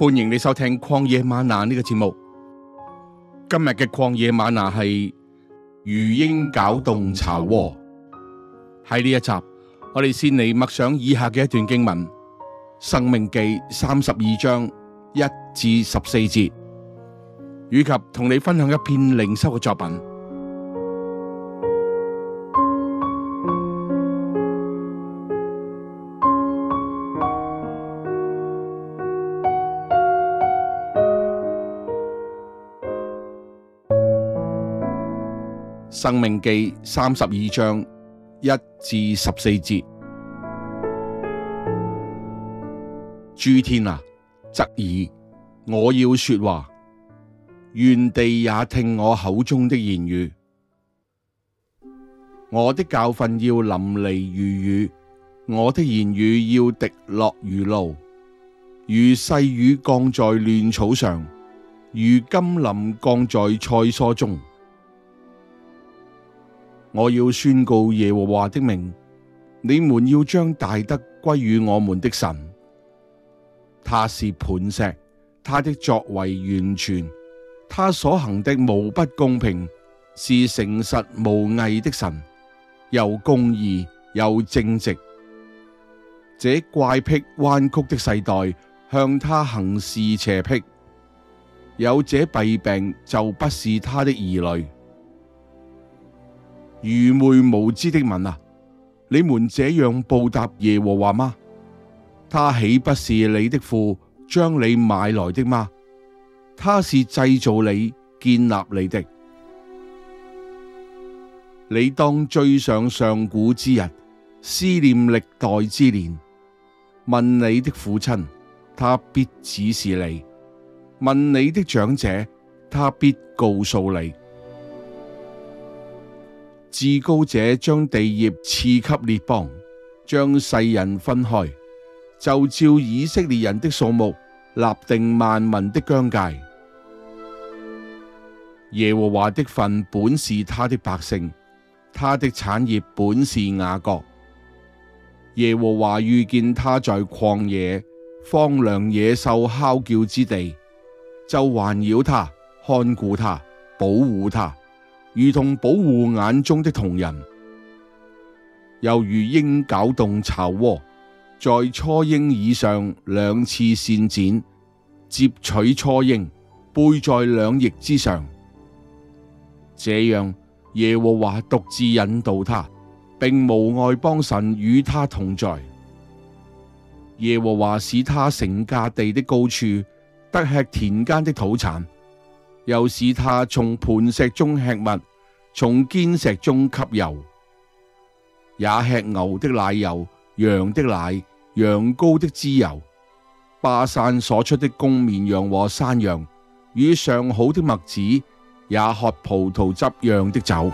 歡迎你收聽曠野嗎哪呢、這個節目。今日嘅曠野嗎哪係如鷹攪動巢窩。喺呢一集，我哋先嚟默想以下嘅一段經文《申命記》三十二章一至十四節，以及同你分享一篇靈修嘅作品。生命記三十二章一至十四節，諸天啊，則以我要說話，原地也聽我口中的言語。我的教訓要淋漓如雨，我的言語要滴落如露，如細雨降在亂草上，如甘霖降在菜蔬中。我要宣告耶和華的名，你們要將大德歸於我們的神。他是磐石，他的作為完全，他所行的無不公平，是誠實無偽的神，又公義又正直。這乖僻彎曲的世代向他行事邪僻，有這弊病就不是他的兒女。愚昧無知的民哪！你們這樣報答耶和華嗎？他豈不是你的父將你買來的嗎？他是製造你、建立你的。你當追上上古之日，思念歷代之年，問你的父親，他必指示你；問你的長者，他必告訴你。至高者將地業賜給列邦，將世人分開，就照以色列人的數目立定萬民的疆界。耶和華的份本是他的百姓，他的產業本是雅各。耶和華遇見他在曠野、荒涼野獸哮叫之地，就環繞他、看顧他、保護他。如同保護眼中的瞳人，又如鷹攪動巢窩，在雛鷹以上兩翅搧展，接取雛鷹，背在兩翼之上。這樣，耶和華獨自引導他，並無外邦神與他同在。耶和華使他乘駕地的高處，得吃田間的土產。又使他從磐石中吃物，從堅石中吸油，也吃牛的奶油、羊的奶、羊羔的脂油，巴珊所出的公綿羊和山羊，與上好的麥子，也喝葡萄汁釀的酒。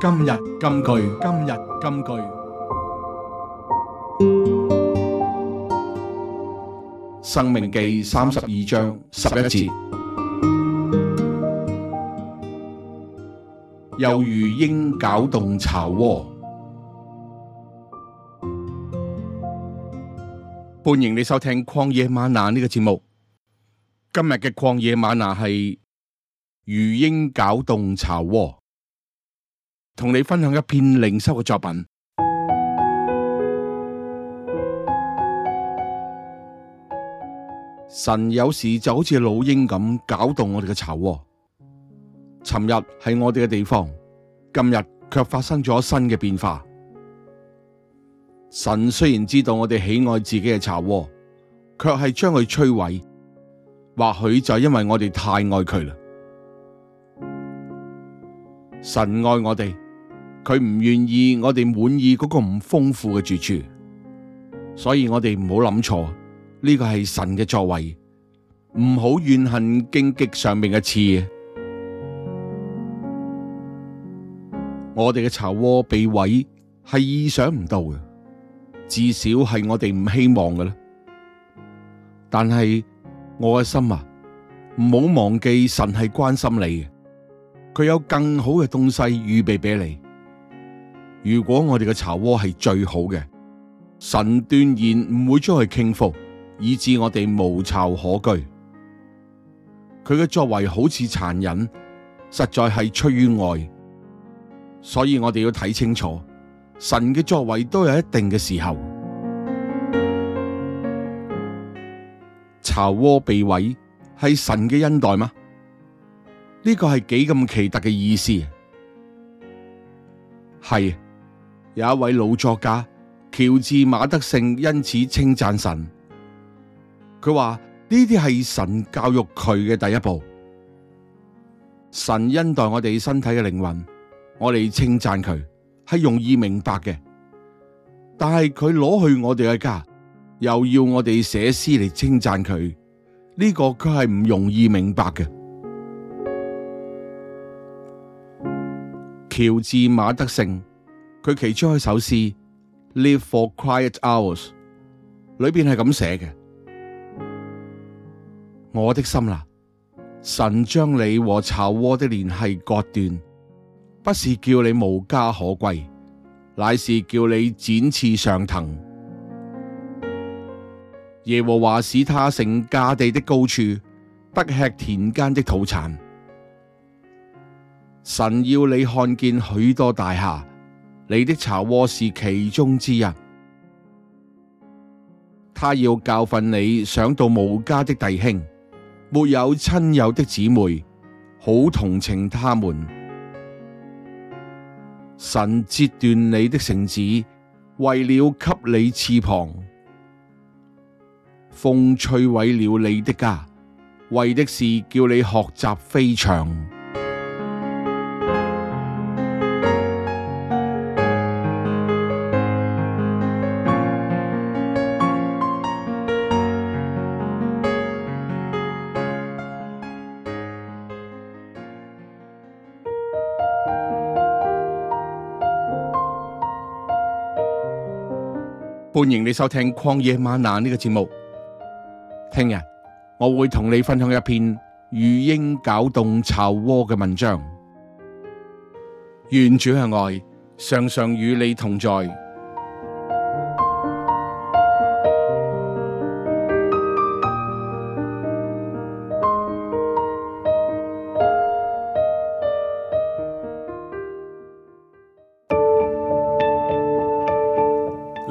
今日金句，今日金句。申命記三十二章十一節，又如鷹攪動巢窩。歡迎你收聽曠野嗎哪呢個節目。今日嘅曠野嗎哪係，如鷹攪動巢窩。同你分享一篇靈修嘅作品。神有時就好似老鷹咁攪動我哋嘅巢窩。尋日係我哋嘅地方，今日卻發生咗新嘅變化。神雖然知道我哋喜愛自己嘅巢窩，卻係將佢摧毀。或許就係因為我哋太愛佢啦。神愛我哋。佢唔願意我哋滿意嗰個唔豐富嘅住處，所以我哋唔好諗錯，呢、這個係神嘅作為，唔好怨恨荊棘上面嘅刺。我哋嘅巢窩被毀係意想唔到嘅，至少係我哋唔希望嘅咧。但係我嘅心啊，唔好忘記神係關心你嘅，佢有更好嘅東西預備俾你。如果我哋嘅巢窩係最好嘅，神斷言唔會將佢傾覆，以致我哋無巢可居。佢嘅作為好似殘忍，實在係出於愛。所以我哋要睇清楚，神嘅作為都有一定嘅時候。巢窩被毀係神嘅恩待嗎？呢、這個係幾咁奇特嘅意思，係。有一位老作家喬治馬德勝，因此稱讚神。佢話呢啲係神教育佢嘅第一步。神恩待我哋身體嘅靈魂，我哋稱讚佢係容易明白嘅。但係佢攞去我哋嘅家，又要我哋寫詩嚟稱讚佢呢個，佢係唔容易明白嘅。喬治馬德勝。佢其中一首詩《Live for Quiet Hours》裏邊係咁寫嘅：我的心啦、啊，神將你和巢窩的聯繫割斷，不是叫你無家可歸，乃是叫你展翅上騰。耶和華使他乘駕地的高處，得吃田間的土產。神要你看見許多大廈。你的巢窩是其中之一，他要教訓你想到無家的弟兄，沒有親友的姊妹，好同情他們。神截斷你的繩子，為了給你翅膀；風摧毀了你的家，為的是叫你學習飛翔。歡迎你收聽曠野嗎哪呢個節目。聽日我會同你分享一篇如鷹攪動巢窩嘅文章。願主嘅愛，常常與你同在。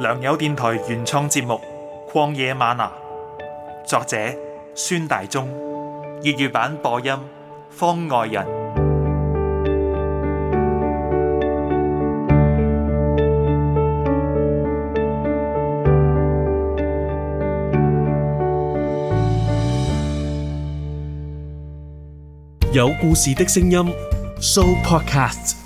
良友電台原創節目《曠野嗎哪》，作者孫大中，粵語版播音方外人，有故事的聲音，Show Podcast。